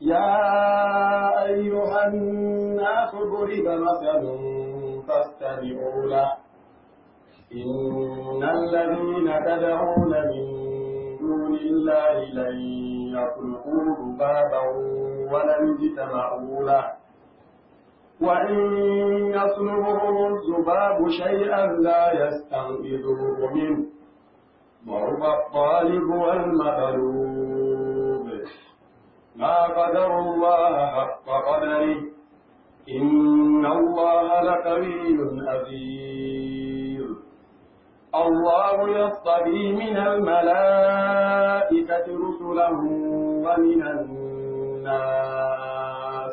يا أيها الناس ضرب مثل فاستمعوا له إن الذين تدعون من دون الله لن يخلقوا ذبابا ولن اجتمعوا له وإن يصلبهم الذباب شيئا لا يستنقذوه منه وهو الطالب والمطلوب ما قدر الله حق قدره إن الله لقوي أثير الله يصطفي من الملائكة رسلا ومن الناس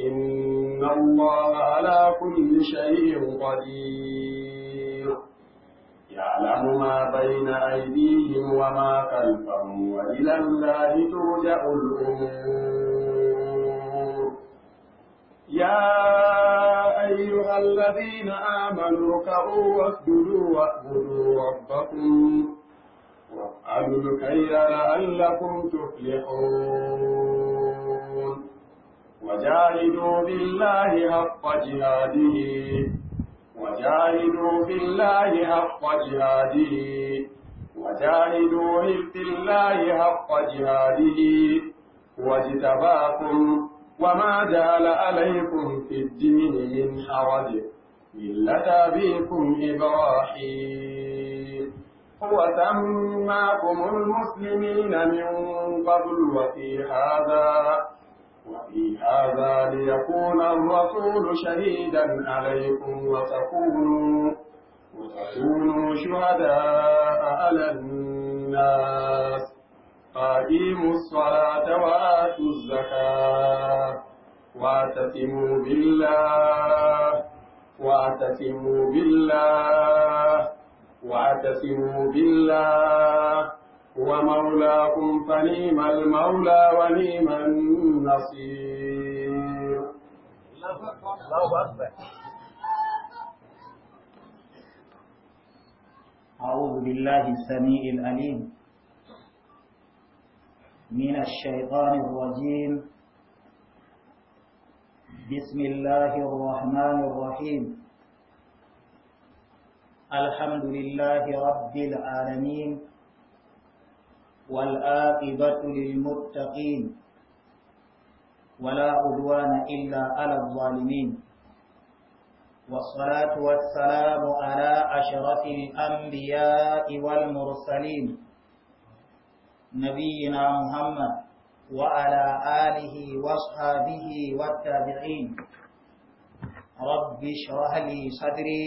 إن الله على كل شيء قدير يعلم ما بين أيديهم وما خلفهم وإلى الله ترجع الأمور يا أيها الذين آمنوا اركعوا واسجدوا واعبدوا ربكم وافعلوا الخير لعلكم تفلحون وجاهدوا بالله حق جهاده وجاهدوا في الله حق جهاده وجاهدوا في الله حق جهاده واجتباكم وما جعل عليكم في الدين من حرج إلا أبيكم إبراهيم هو سماكم المسلمين من قبل وفي هذا هذا ليكون الرسول شهيدا عليكم وتكونوا وتكونوا شهداء على الناس قائموا الصلاة وآتوا الزكاة واعتصموا بالله واعتصموا بالله واعتصموا بالله هو مولاكم فنيم المولى ونيم النصير أعوذ بالله السميع الأليم من الشيطان الرجيم بسم الله الرحمن الرحيم الحمد لله رب العالمين والآقبة للمتقين ولا عدوان إلا على الظالمين والصلاة والسلام على أشرف الأنبياء والمرسلين نبينا محمد وعلى آله وصحابه والتابعين رب اشرح لي صدري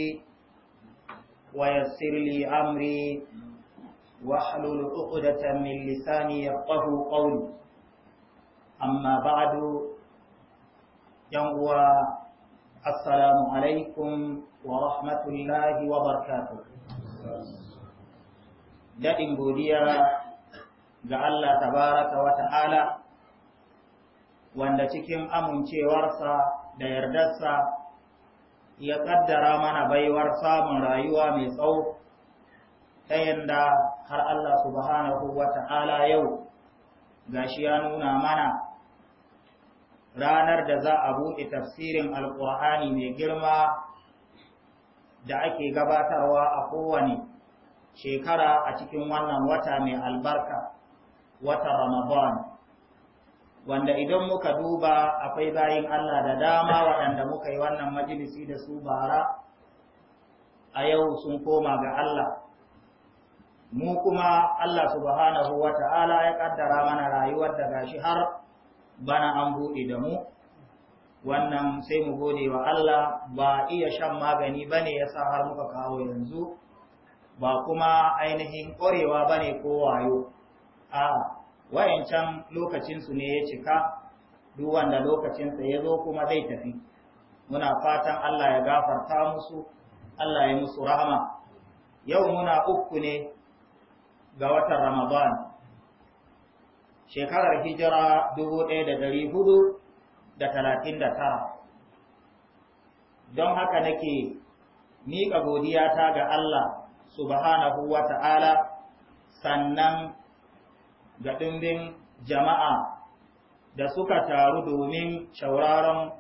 ويسر لي أمري واحلل عقدة من لساني يفقه amma أما بعد ينقوى السلام عليكم ورحمة الله وبركاته daɗin godiya ga Allah tabaraka wa ta'ala wanda cikin amincewarsa da yardarsa ya ƙaddara mana baiwar samun rayuwa mai tsawo ta yadda har Allah subhanahu wa ta'ala yau gashi ya nuna mana ranar da za a buɗe tafsirin alƙur'ani mai girma da ake gabatarwa a kowane shekara a cikin wannan wata mai albarka wata ramadan wanda idan muka duba akwai bayin Allah da dama waɗanda muka yi wannan majalisi da su bara a yau sun koma ga Allah mu kuma Allah subhanahu wa ta'ala ya ƙaddara mana rayuwar da gashi har bana an buɗe da mu wannan sai mu gode wa Allah ba iya shan magani bane yasa har muka kawo yanzu ba kuma ainihin ƙwarewa bane ko wayo a wayancan lokacinsu ne ya cika duk wanda lokacinsa ya zo kuma zai tafi muna fatan Allah ya gafarta musu Allah ya musu rahama yau muna uku ne ga watan Ramadan shekarar hijira dubu ɗaya da ɗari hudu da talatin da tara don haka nake miƙa godiyata ga Allah subhanahu wa ta'ala sannan ga ɗimbin jama'a da suka taru domin shauraron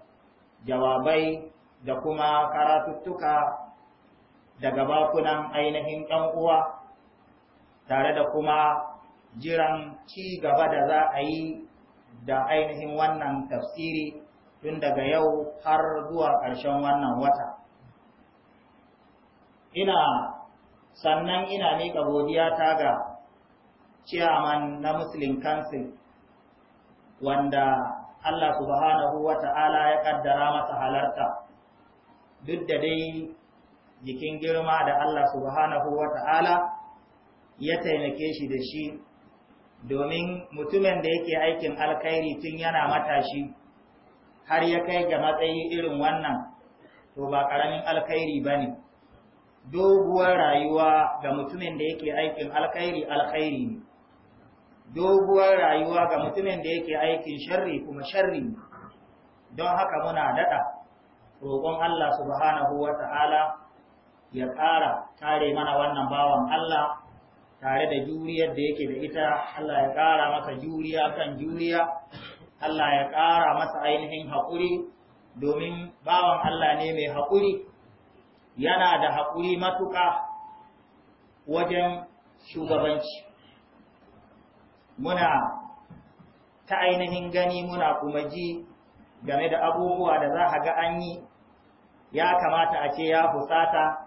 jawabai da kuma karatuttuka daga bakunan ainihin uwa tare da kuma jiran ci gaba da za a yi da ainihin wannan tafsiri tun daga yau har zuwa ƙarshen wannan wata ina sannan ina miƙa godiya ta ga ciyaman na muslim council wanda Allah subhanahu wa ta'ala ya ƙaddara masa halarta duk da dai jikin girma da Allah subhanahu wa ta'ala ya taimake shi da shi domin mutumin da yake aikin alkhairi tun yana matashi har ya kai ga matsayi irin wannan to ba ƙaramin alkhairi ba ne doguwar rayuwa ga mutumin da yake aikin alkhairi alkhairi ne doguwar rayuwa ga mutumin da yake aikin sharri kuma sharri ne don haka muna daɗa roƙon Allah subhanahu wa ta'ala ya ƙara tare mana wannan bawan Allah tare da juriyar da yake da ita Allah ya ƙara masa juriya kan juriya Allah ya ƙara masa ainihin haƙuri domin bawan Allah ne mai haƙuri yana da haƙuri matuƙa wajen shugabanci muna ta ainihin gani muna kuma ji game da abubuwa da za a ga an yi ya kamata a ce ya fusata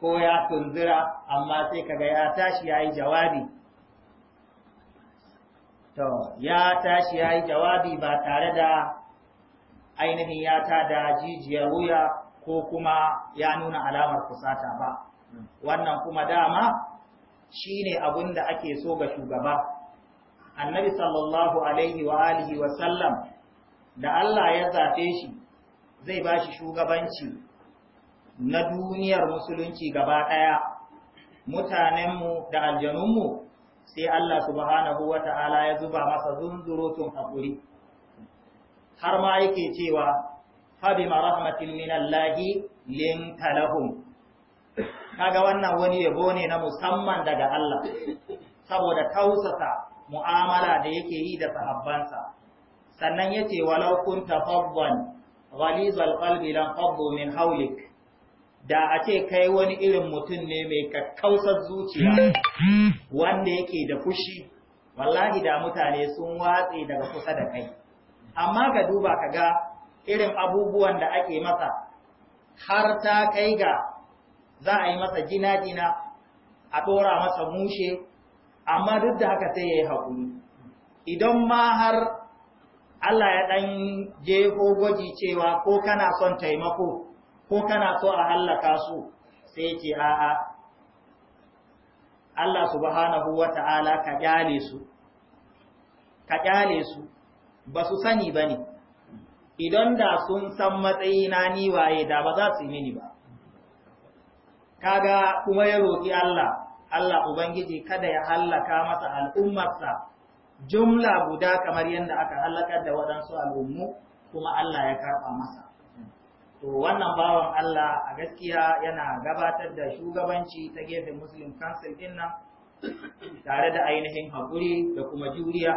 ko ya tunzura amma sai kaga ya tashi ya yi jawabi to ya tashi ya yi jawabi ba tare da ainihin ya da jijiyar wuya ko kuma ya nuna alamar kusata ba wannan kuma dama shine abun da ake so ga shugaba annabi sallallahu alaihi wa alihi wa sallam da Allah ya zafe shi zai ba shi shugabanci na duniyar musulunci gaba ɗaya mutanenmu da aljanunmu sai Allah subhanahu wa ta'ala ya zuba masa zunzurutun haƙuri har ma yake cewa ma rahmatin minallahi linta lahum kaga wannan wani yabo ne na musamman daga Allah saboda tausasa mu'amala da yake yi da sahabbansa sannan yace walau kunta faddan ghalizal qalbi lan min hawlik da a ce kai wani irin mutum ne mai kakkausar zuciya hmm, hmm. wanda yake da fushi wallahi da mutane sun watse daga kusa da kai amma ka duba ka ga irin abubuwan da ake masa har ta kai ga za a yi masa jina-jina a ɗora masa mushe amma duk da haka sai ya yi haƙuri idan ma har Allah ya ɗan jefo gwaji cewa ko kana son taimako ko kana so a hallaka su sai ce a'a Allah subhanahu wa ka kyale su ka kyale su ba su sani ba ne idan da sun san matsayina ni waye da ba za su yi mini ba kaga kuma ya roƙi Allah Allah ubangiji kada ya hallaka masa al'ummarsa jumla guda kamar yadda aka hallakar da waɗansu al'ummu kuma Allah ya karɓa masa to wannan bawan Allah a gaskiya yana gabatar da shugabanci ta gefe muslim council din nan tare da ainihin haƙuri da kuma juriya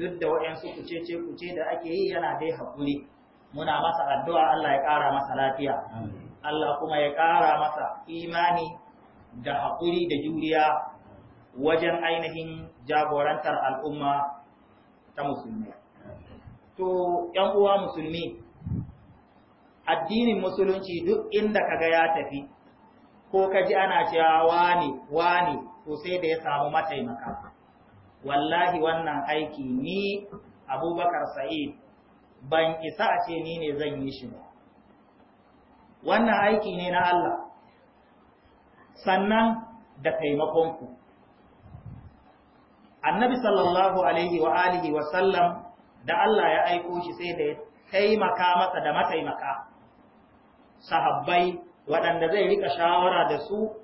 duk da waɗansu kucece kuce da ake yi yana dai haƙuri muna masa addu'a Allah ya ƙara masa lafiya Allah kuma ya ƙara masa imani da haƙuri da juriya wajen ainihin jagorantar al'umma ta musulmi to ‘yan uwa musulmi addinin musulunci duk inda kaga ya tafi ko kaji ana cewa wani wani to sai da ya samu mataimaka wallahi wannan aiki ni abubakar sa'id ban isa a ce ni ne zan yi shi ba wannan aiki ne na Allah sannan da ku. annabi sallallahu alaihi wa alihi wa sallam da Allah ya aiko shi sai da ya taimaka masa da mataimaka sahabbai waɗanda zai rika shawara da su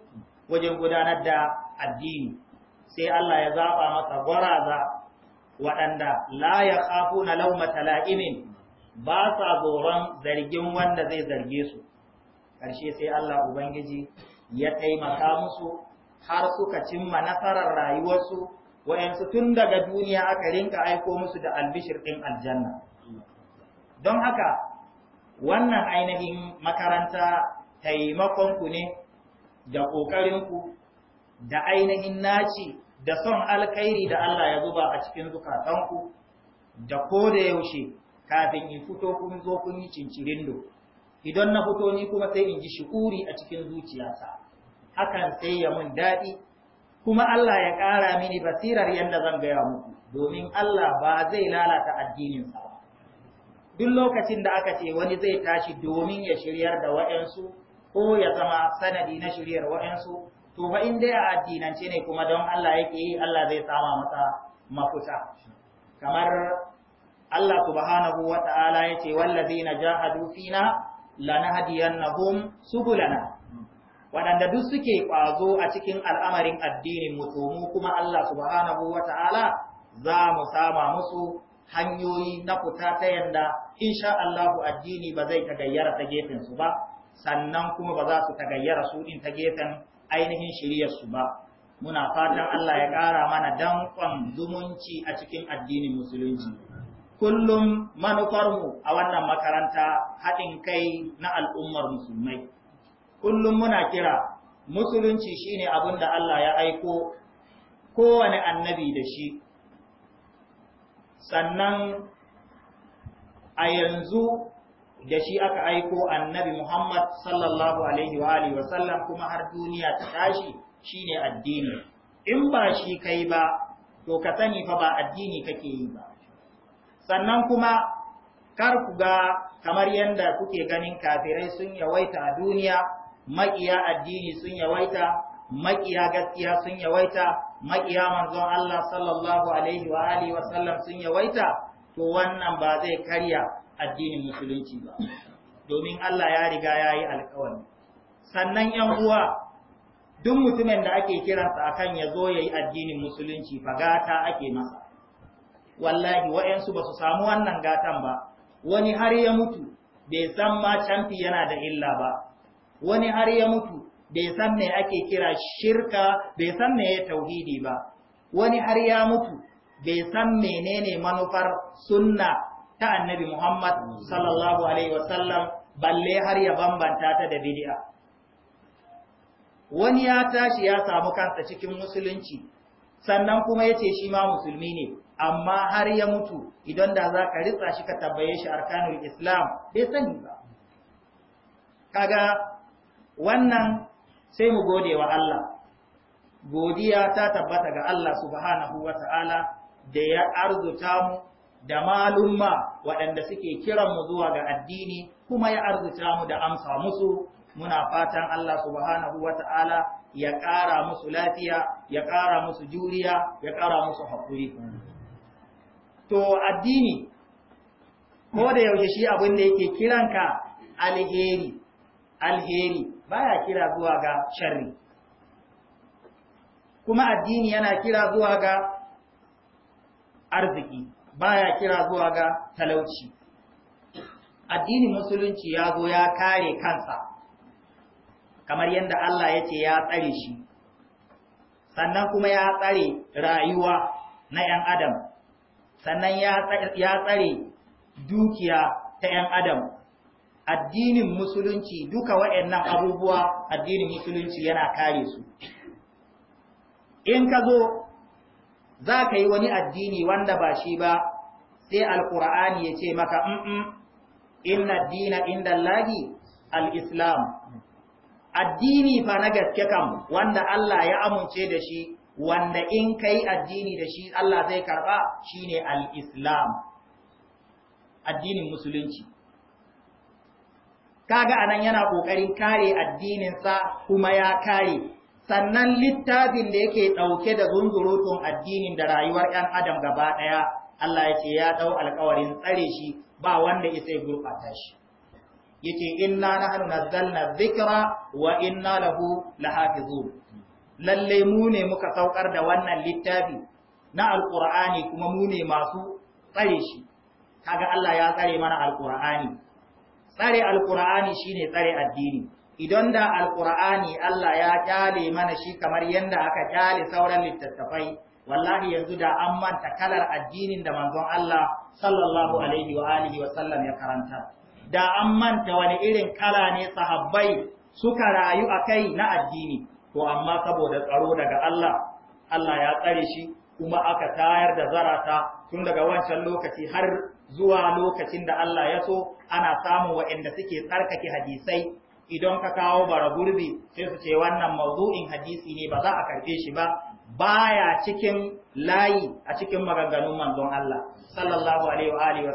wajen gudanar da addini sai Allah ya zaɓa masa gwaraza waɗanda la ya kafu na laumata la'imin ba sa zoron zargin wanda zai zarge su ƙarshe sai Allah Ubangiji ya taimaka musu har suka cimma nasarar rayuwarsu wa'yansu tun daga duniya aka rinka aiko musu da albishir ɗin aljanna don haka wannan ainihin makaranta taimakonku ne da ƙoƙarinku da ainihin naci da son alkairi da Allah ya zuba a cikin zukatanku da ko da yaushe kafin in fito kun zo kun yi cincirin do idan na fito ni kuma sai in ji shi'uri a cikin zuciyata hakan sai ya mun daɗi kuma Allah ya ƙara mini basirar yadda zan gaya muku domin Allah ba zai lalata addininsa duk lokacin da aka ce wani zai tashi domin ya shiryar da wa'yansu ko ya zama sanadi na shiryar wa'yansu to fa in dai a addinance ne kuma don Allah yake yi Allah zai sama masa mafuta kamar Allah subhanahu wa ta'ala ya ce wallazina jahadu fina lanahdiyannahum subulana waɗanda duk suke ƙwazo a cikin al'amarin addinin mu to mu kuma Allah subhanahu wa ta'ala za mu sama musu hanyoyi na fita ta yadda, insha Allahu addini ba zai tagayyara ta gefen su ba sannan kuma ba za su tagayyara su din ta gefen ainihin shiriyar su ba muna fatan Allah ya ƙara mana danƙon zumunci a cikin addinin musulunci kullum manufarmu a wannan makaranta haɗin kai na al'ummar musulmai kullum muna kira musulunci shine abin da Allah ya aiko kowane annabi da shi sannan a yanzu da shi aka aiko annabi Muhammad sallallahu alaihi wa Alaihi wasallam kuma har duniya ta tashi shine addini in ba shi kai ba to ka sani fa ba addini kake yi ba sannan kuma kar ku ga kamar yadda kuke ganin kafirai sun yawaita a duniya maƙiya addini sun yawaita maƙiya gaskiya sun yawaita maƙiya manzon Allah sallallahu alaihi wa alihi wa sallam sun yawaita to wannan ba zai karya addinin musulunci ba domin Allah ya riga ya yi alkawari sannan yan uwa duk mutumin da ake kiransa akan ya zo ya yi addinin musulunci fa gata ake masa wallahi wa'yansu ba su samu wannan gatan ba wani har ya mutu bai san ma canfi yana da illa ba wani har ya mutu bai san me ake kira shirka bai san me ya tauhidi ba wani har ya mutu bai san menene manufar sunna ta annabi Muhammad sallallahu alaihi wasallam balle har ya bambanta ta da bid'a wani ya tashi ya samu kansa cikin musulunci sannan kuma yace shi ma musulmi ne amma har ya mutu idan da za ka ritsa shi ka tabbaye shi arkanul islam bai sani ba kaga wannan sai mu gode wa Allah godiya ta tabbata ga Allah subhanahu wata'ala da ya arzuta mu da malumma waɗanda suke kiran mu zuwa ga addini kuma ya arzuta mu da amsa musu muna fatan Allah subhanahu wata'ala ya ƙara musu lafiya ya ƙara musu juriya ya ƙara musu haƙuri to addini ko da yaushe shi abin da yake kiranka alheri alheri baya kira zuwa ga sharri kuma addini yana kira zuwa ga arziki baya kira zuwa ga talauci Addini musulunci ya zo ya kare kansa kamar yadda Allah ya ce ya tsare shi sannan kuma ya tsare rayuwa na 'yan adam sannan ya tsare dukiya ta 'yan adam addinin musulunci duka waɗannan abubuwa addinin musulunci yana kare su in ka zo za ka yi wani addini wanda ba shi ba sai alkur'ani ya ce maka mm inna dina inda lagi al'islam addini fa na gaske kam wanda Allah ya amince da shi wanda in ka yi addini da shi Allah zai karba shine al'islam addinin musulunci kaga anan yana kokarin kare addininsa kuma ya kare sannan littafin da yake dauke da zunzurutun addinin da rayuwar ɗan adam gaba ɗaya Allah ya ce ya dau alƙawarin tsare shi ba wanda isa ya gurɓata shi yace inna nahnu nazzalna dhikra wa inna lahu lahafizun lalle mu ne muka saukar da wannan littafi na alqur'ani kuma mu ne masu tsare shi kaga Allah ya tsare mana alqur'ani tsare alkur'ani shine tsare addini idan da alkur'ani Allah ya kyale mana shi kamar yanda aka kyale sauran littattafai wallahi yanzu da an manta kalar addinin da manzon Allah sallallahu alaihi wa alihi wa sallam ya karanta da an manta wani irin kala ne sahabbai suka rayu akai na addini to amma saboda tsaro daga Allah Allah ya tsare shi kuma aka tayar da zarata tun daga wancan lokaci har zuwa lokacin da Allah ya so ana samun waɗanda suke tsarkake hadisai idan ka kawo bara gurbi sai su ce wannan mawdu'in hadisi ne ba za a karfe shi ba baya cikin layi a cikin maganganun manzon Allah sallallahu alaihi wa alihi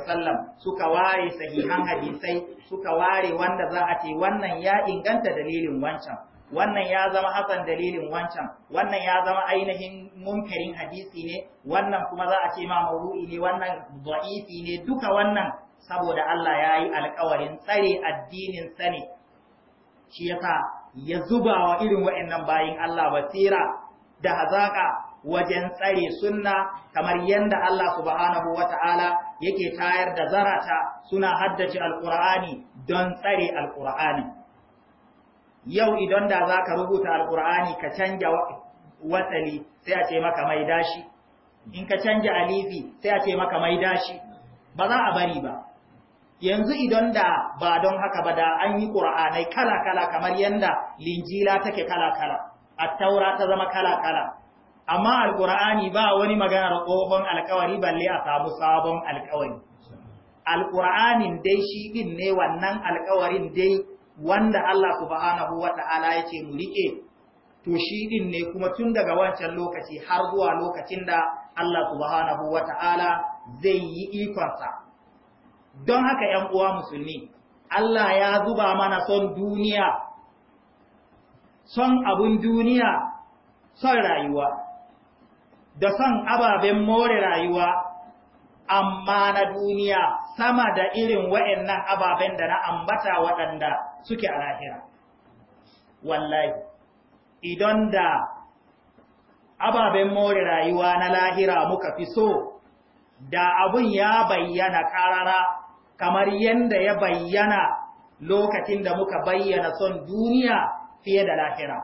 suka ware sahihan hadisai suka ware wanda za a ce wannan ya inganta dalilin wancan wannan ya zama hasan dalilin wancan wannan ya zama ainihin munkarin hadisi ne wannan kuma za a ce ma mawdu'i ne wannan da'ifi ne duka wannan saboda Allah ya yi alƙawarin tsare addinin sa ne shi yasa ya zuba wa irin waɗannan bayin Allah basira da hazaka wajen tsare sunna kamar yadda Allah subhanahu wata'ala yake tayar da zarata suna haddace alqur'ani don tsare alqur'ani yau idan da za ka rubuta alkur'ani ka canja watsali sai a ce maka mai dashi in ka canja alifi sai a ce maka mai dashi ba za a bari ba yanzu idan da ba don haka ba da an yi ƙur'anai kala-kala kamar yadda linjila take kala-kala taura ta zama kala-kala amma Alƙur'ani ba wani maganar tsohon alkawari balle a samu sabon alkawari Alƙur'anin dai shi ne wannan alkawarin dai wanda Allah subhanahu wa ta'ala yake mu rike to shi din ne kuma tun daga wancan lokaci har zuwa lokacin da Allah subhanahu wa ta'ala zai yi ikonsa don haka ‘yan uwa musulmi Allah ya zuba mana son duniya son abun duniya son rayuwa da son ababen more rayuwa amma na duniya sama da irin wa'annan ababen da na ambata waɗanda suke a lahira wallahi idan da ababen more rayuwa na lahira muka fi so da abin ya bayyana ƙarara kamar yadda ya bayyana lokacin da muka bayyana son duniya fiye da lahira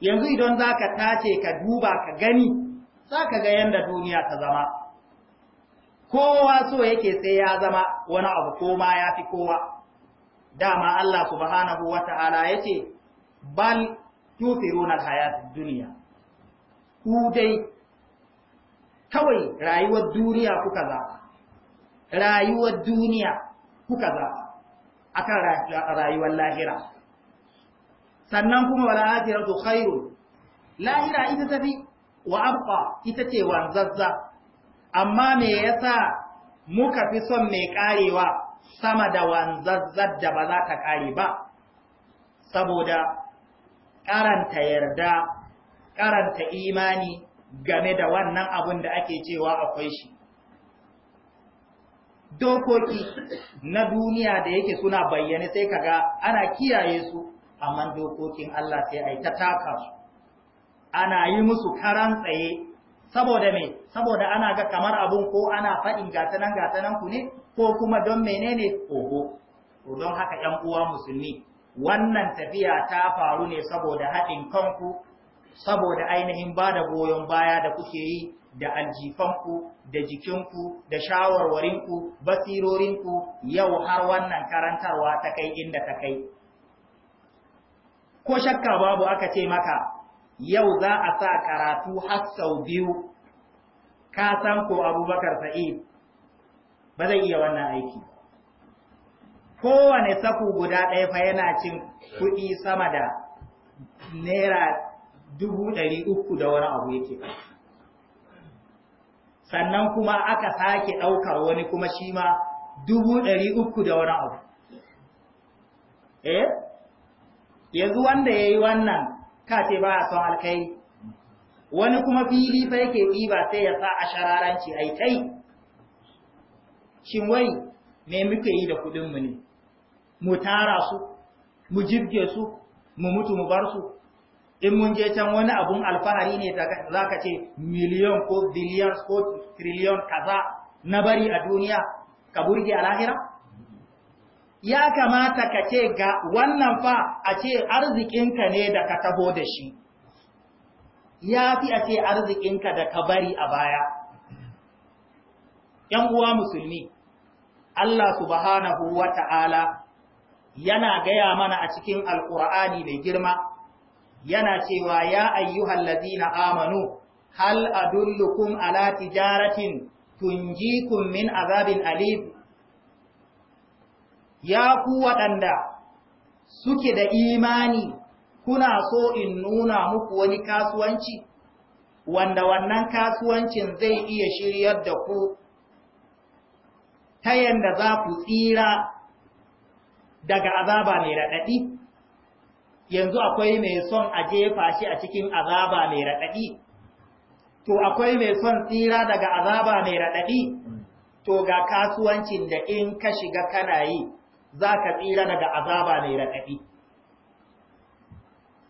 yanzu idan za ka tace ka duba ka gani za ka ga yadda duniya ta zama kowa so yake sai ya zama wani abu ko ma ya fi kowa dama Allah subhanahu wata'ala yace bal tufiruna hayatid dunya ku dai kawai rayuwar duniya kuka zaba rayuwar duniya kuka a akan rayuwar lahira sannan kuma wal to khairu lahira ita tafi wa abqa ita ce wanzazza amma me yasa muka fi son mai karewa sama da wanzazzar da ba za ta kare ba saboda karanta yarda karanta imani game da wannan abun da ake cewa akwai shi dokoki na duniya da yake suna bayyane sai kaga ana kiyaye su amma dokokin Allah sai ai ta taka su ana yi musu karan tsaye saboda me saboda ana ga kamar abun ko ana faɗin gatanan gatanan ku ne ko kuma don menene ogo don haka yan uwa musulmi wannan tafiya ta faru ne saboda haɗin kanku saboda ainihin ba da goyon baya da kuke yi da aljifanku da jikinku da shawarwarinku basirorinku yau har wannan karantarwa ta kai inda ta kai ko shakka babu aka ce maka yau za a sa karatu har sau biyu ka san ko abubakar sa'id ba zai iya wannan aiki kowane saku guda ɗaya fa yana cin kuɗi sama da naira dubu ɗari uku da wani abu yake sannan kuma aka sake ɗaukar wani kuma shi ma dubu ɗari uku da wani abu eh yanzu wanda ya yi wannan ka ce ba a son alkai wani kuma fili fa yake ɗiba sai ya sa a shararanci ai kai shin wai me muke yi da kuɗinmu ne mu tara su mu jirge su mu mutu mu bar su in mun je can wani abun alfahari ne za ka ce miliyon ko biliyan ko triliyon kaza na bari a duniya ka burge a lahira ya kamata ka ce ga wannan fa a ce arzikinka ne da ka taho da shi ya fi a ce arzikinka da ka bari a baya ‘yan uwa musulmi Allah subhanahu wa ta'ala yana gaya mana a cikin alƙur'ani mai girma yana cewa ya ayyuhal na amanu hal adullukum ala tijaratin kun min azabin alim ya ku waɗanda suke da imani kuna so in nuna muku wani kasuwanci wanda wannan kasuwancin zai iya shiryar da ku ta yanda za ku tsira daga azaba mai raɗaɗi yanzu akwai mai son a jefa shi a cikin azaba mai raɗaɗi to akwai mai son tsira daga azaba mai raɗaɗi to ga kasuwancin da in ka shiga kana yi za ka tsira daga azaba da kafi.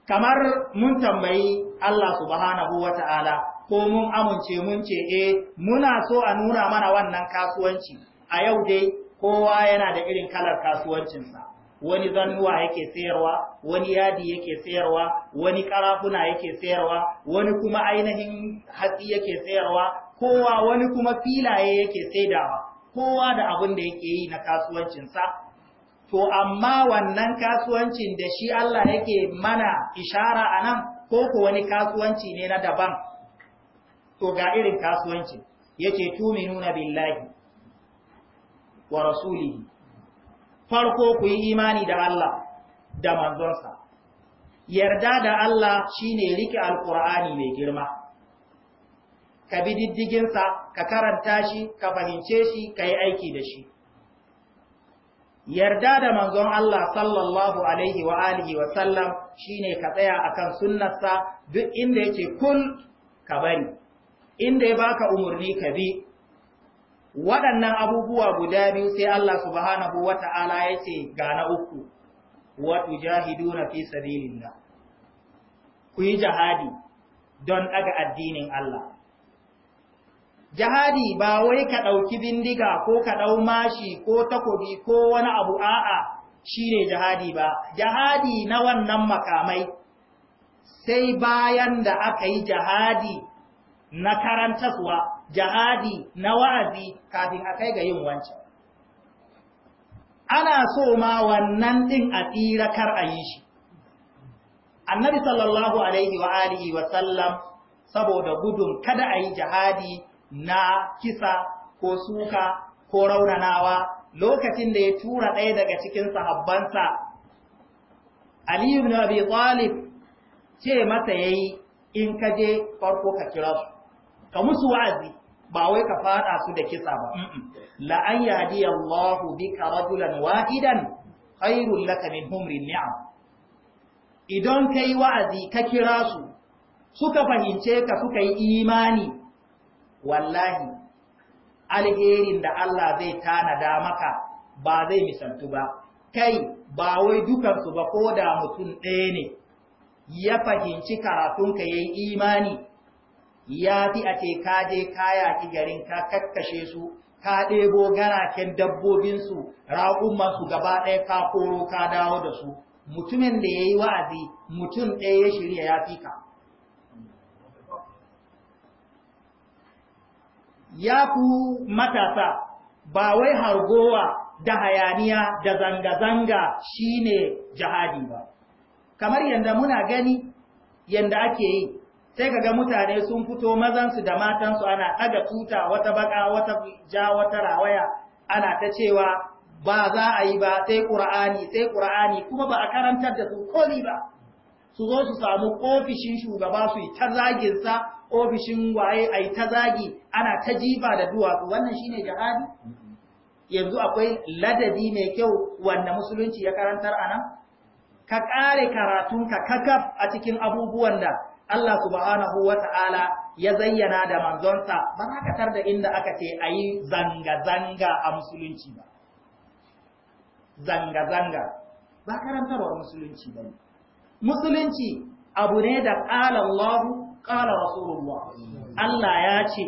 kamar mun tambayi Allah subhanahu wa ta'ala ko mun amince mun ce eh muna so a nuna mana wannan kasuwanci a yau dai kowa yana da irin kalar kasuwancinsa wani zannuwa yake sayarwa wani yadi yake sayarwa wani karafuna yake sayarwa wani kuma ainihin hatsi yake sayarwa kowa wani kuma filaye yake saidawa kowa da abin da yake yi na kasuwancinsa to amma wannan kasuwancin da shi Allah yake mana ishara a nan ko ko wani kasuwanci ne na daban to ga irin kasuwanci yace nuna billahi wa rasulihi farko ku yi imani da Allah da manzonsa yarda da Allah shine riƙe alqur'ani mai girma ka bi diddigin ka karanta shi ka fahimce shi ka yi aiki da shi yarda da manzon Allah sallallahu alaihi wa alihi wa sallam shine ka tsaya akan sunnarsa duk inda yake kun ka bari inda ya baka umurni ka bi waɗannan abubuwa guda biyu sai Allah subhanahu wata'ala yace ga na uku wa tujahiduna fi sabilillah ku yi jihadi don daga addinin Allah jihadi ba wai ka ɗauki bindiga ko ka ɗau mashi ko takobi ko wani abu a'a shine jihadi ba jihadi na wannan makamai sai bayan da aka yi jihadi na karantaswa jihadi na wa'azi kafin a kai ga yin wancan ana so ma wannan ɗin a tsira kar a yi shi annabi sallallahu alaihi wa wa sallam saboda gudun kada a yi jihadi na kisa ko suka ko raunanawa lokacin da ya tura ɗaya daga cikin sahabbansa Ali ibn Abi Talib ce masa yayi in ka je farko ka kira su ka musu wa'azi ba wai ka fada su da kisa ba la an yahdi Allahu bika rajulan wahidan khairul lak min humri ni'am idan kai wa'azi ka kira su suka fahince ka suka yi imani wallahi alherin da Allah zai tanada maka ba zai misaltu ba kai ba wai dukansu ba ko da mutum ɗaya ne ya fahimci karatunka ya yi imani ya fi a ce ka je kaya ki garin ka kakkashe su ka ɗebo garaken dabbobinsu raƙumansu gaba ɗaya ka koro ka dawo da su mutumin da yayi wa'azi mutum ɗaya ya shirya ya fi ka ya ku matasa ba wai hargowa da hayaniya da zanga-zanga shine jihadi ba kamar yadda muna gani yadda ake yi sai kaga mutane sun fito mazansu da matansu ana ɗaga tuta wata baka wata ja wata rawaya ana ta cewa ba za a yi ba sai ƙura'ani sai ƙura'ani kuma ba a karantar da su koli ba su zo su samu ofishin shugaba su yi ta zaginsa ofishin waye a yi ta zagi ana ta jifa da duwatsu wannan shine jihadi yanzu akwai ladabi mai kyau wanda musulunci ya karantar anan ka kare karatunka kakaf a cikin abubuwan da Allah subhanahu wata'ala ya zayyana da manzonsa ba za ka tar da inda aka ce a yi zanga-zanga a musulunci ba zanga-zanga ba karantarwa musulunci ba musulunci abu ne da ƙalallahu qala rasulullah Allah ya ce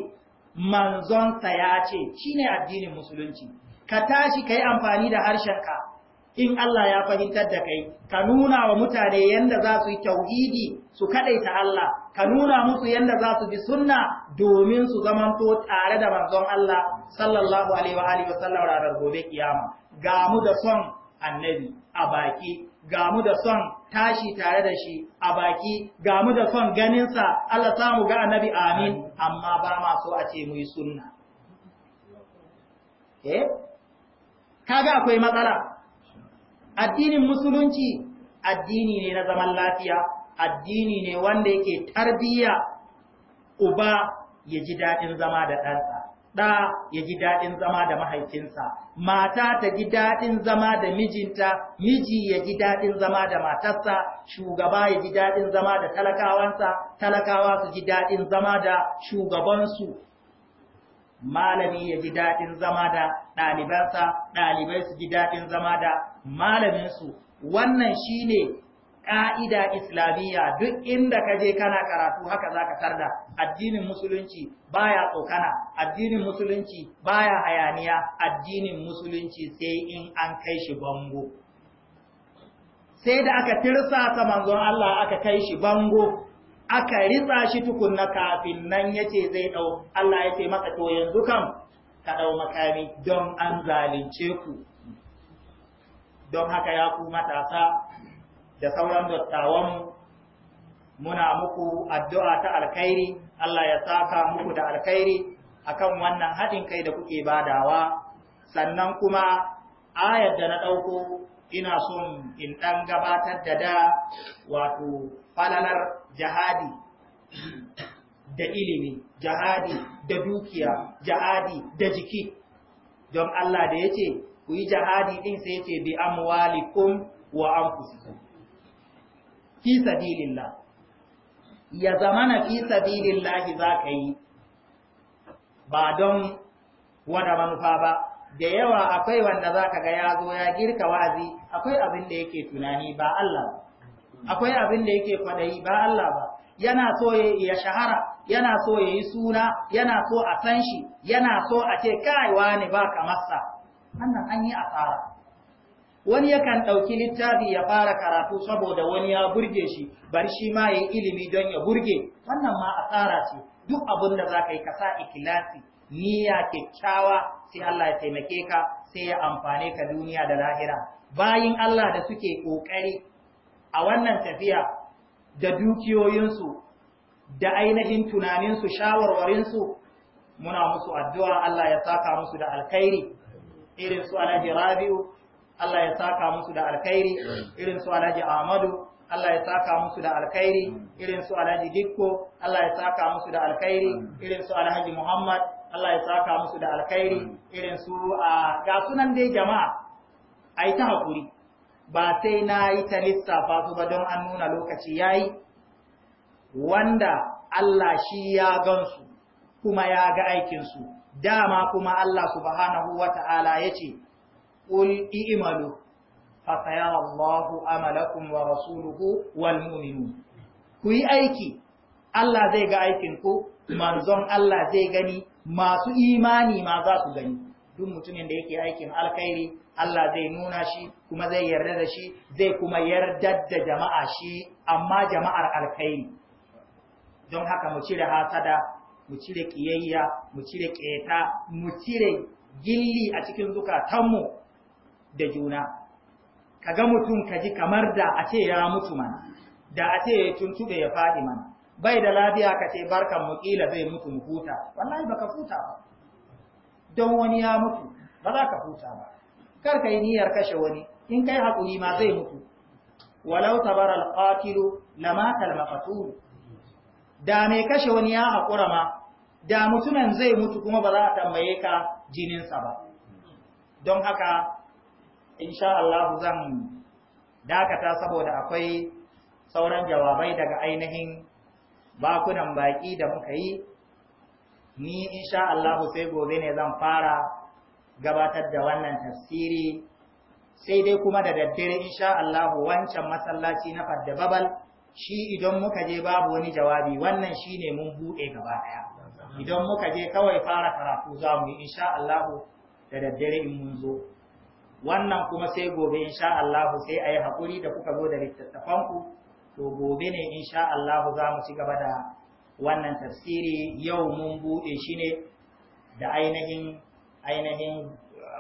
manzonsa ya ce shine addinin musulunci ka tashi yi amfani da harshenka in Allah ya fahimtar da kai ka nuna wa mutane yanda za su yi tauhidi su kadaita Allah ka nuna musu yanda za su bi sunna domin su zamanto tare da manzon Allah sallallahu alaihi wa alihi wasallam ranar gobe kiyama gamu da son annabi a baki gamu da son tashi tare da shi a baki ga mu da son ganinsa Allah samu ga annabi amin amma ba ma so a ce mu yi sunna eh kaga akwai matsala addinin musulunci addini ne na zaman lafiya addini ne wanda yake tarbiya uba ya ji daɗin zama da ɗansa ɗa ya ji daɗin zama da mahaifinsa, mata ta ji daɗin zama da mijinta, miji ya ji daɗin zama da matarsa, shugaba ya ji daɗin zama da talakawansa, talakawa su ji daɗin zama da shugabansu, malami ya ji daɗin zama da ɗalibansa, ɗalibai su ji daɗin zama da malaminsu. Wannan shi ne Ka'ida islamiyya duk inda ka je kana karatu haka zaka tarda addinin musulunci baya tsokana addinin musulunci baya hayaniya addinin musulunci sai in an kai shi bango sai da aka ta manzon Allah aka kai shi bango aka ritsa shi tukunna kafin nan yace zai dau Allah yace maka to yanzu kam ka dau makami don an zalunce ku don haka ya ku matasa da sauran dattawan muna muku addu'a ta alkhairi Allah ya saka muku da alkhairi akan wannan haɗin kai da kuke badawa sannan kuma ayar da na ɗauko ina son in ɗan gabatar da da wato falalar jihadi da ilimi jihadi da dukiya jihadi da jiki don Allah da yace ce ku yi jihadi ɗin sai ce bi amwalikum wa anfusikum fi sabilillah ya zamana fi sabilillah za ka yi ba don wada manufa ba da yawa akwai wanda za ka ga ya zo ya girka wazi, akwai abin da yake tunani ba Allah ba akwai abin da yake fadai ba Allah ba yana so ya shahara yana so ya yi suna yana so a san shi yana so a ce kai wani ba ka masa wannan an yi asara wani yakan ɗauki littafi ya fara karatu saboda wani ya burge shi bari shi ma ya ilimi don ya burge wannan ma asara ce duk abin da za ka yi kasa ikilasi niyya kyakkyawa sai Allah ya taimake ka sai ya amfane ka duniya da lahira bayin Allah da suke ƙoƙari a wannan tafiya da dukiyoyinsu da ainihin tunaninsu shawarwarinsu muna musu addu'a Allah ya saka musu da alkhairi irin su alhaji rabi'u Allah ya saka musu da alkhairi irin su Alhaji Ahmadu Allah ya saka musu da alkhairi irin su Alhaji Dikko Allah ya saka musu da alkhairi irin su Alhaji Muhammad Allah ya saka musu da alkhairi irin su a ga sunan dai jama'a ai ta hakuri ba sai na yi ta lissafa su ba don an nuna lokaci yayi wanda Allah shi ya gansu kuma ya ga aikin su dama kuma Allah subhanahu wata'ala ya ce قل اعملوا فسيرى الله عملكم ورسوله Kuyi aiki. Allah zai ga aikin ku manzon Allah zai gani masu imani ma za su gani duk mutumin da yake aikin alkhairi Allah zai nuna shi kuma zai yarda da shi zai kuma yarda da jama'a shi amma jama'ar alkhairi don haka mu cire hasada mu cire ƙiyayya, mu cire keta mu cire gilli a cikin zukatanmu da juna kaga mutum kaji kamar da a ce ya mutu mana da a ce ya tuntube ya faɗi mana bai da lafiya ka ce barkan mu kila zai mutu mu huta wallahi baka huta ba don wani ya mutu ba za ka huta ba kar kai niyyar kashe wani in kai hakuri ma zai mutu walau tabara alqatilu kal maqtul da mai kashe wani ya hakura ma da mutumin zai mutu kuma ba za a tambaye ka jininsa ba don haka insha Allah zan dakata saboda akwai sauran jawabai daga ainihin bakunan baki da muka yi ni insha Allah sai gobe ne zan fara gabatar da wannan tafsiri sai dai kuma da daddare insha Allah wancan masallaci na Fadda Babal shi idan muka je babu wani jawabi wannan shine mun buɗe gaba ɗaya idan muka je kawai fara karatu za mu yi insha Allah da daddare in mun zo wannan kuma sai gobe insha Allah sai ayi hakuri da kuka zo da littattafan ku to gobe ne insha Allah za mu ci gaba da wannan tafsiri yau mun bude shi ne da ainihin ainihin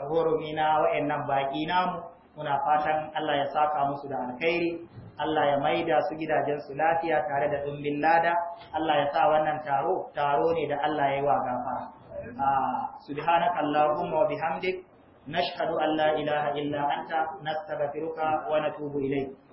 horomi uh, na wa'annan baki namu muna fatan Allah ya saka musu da alkhairi Allah ya maida su gidajen su lafiya tare da ɗumbin lada, Allah ya sa wannan taro, taro ne da Allah ya yi wa gafara. Ah, subhanakallahumma wa bihamdika نشهد أن لا إله إلا أنت نستغفرك ونتوب إليك